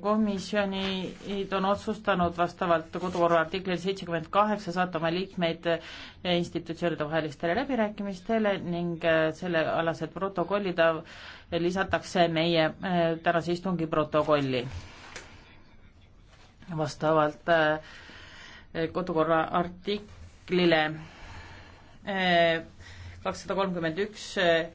komisjonid on otsustanud vastavalt kodukorra artiklile seitsekümmend kaheksa saata oma liikmeid institutsioonide vahelistele läbirääkimistele ning äh, sellealased protokollid lisatakse meie äh, tänase istungi protokolli. vastavalt äh, kodukorra artiklile kakssada kolmkümmend üks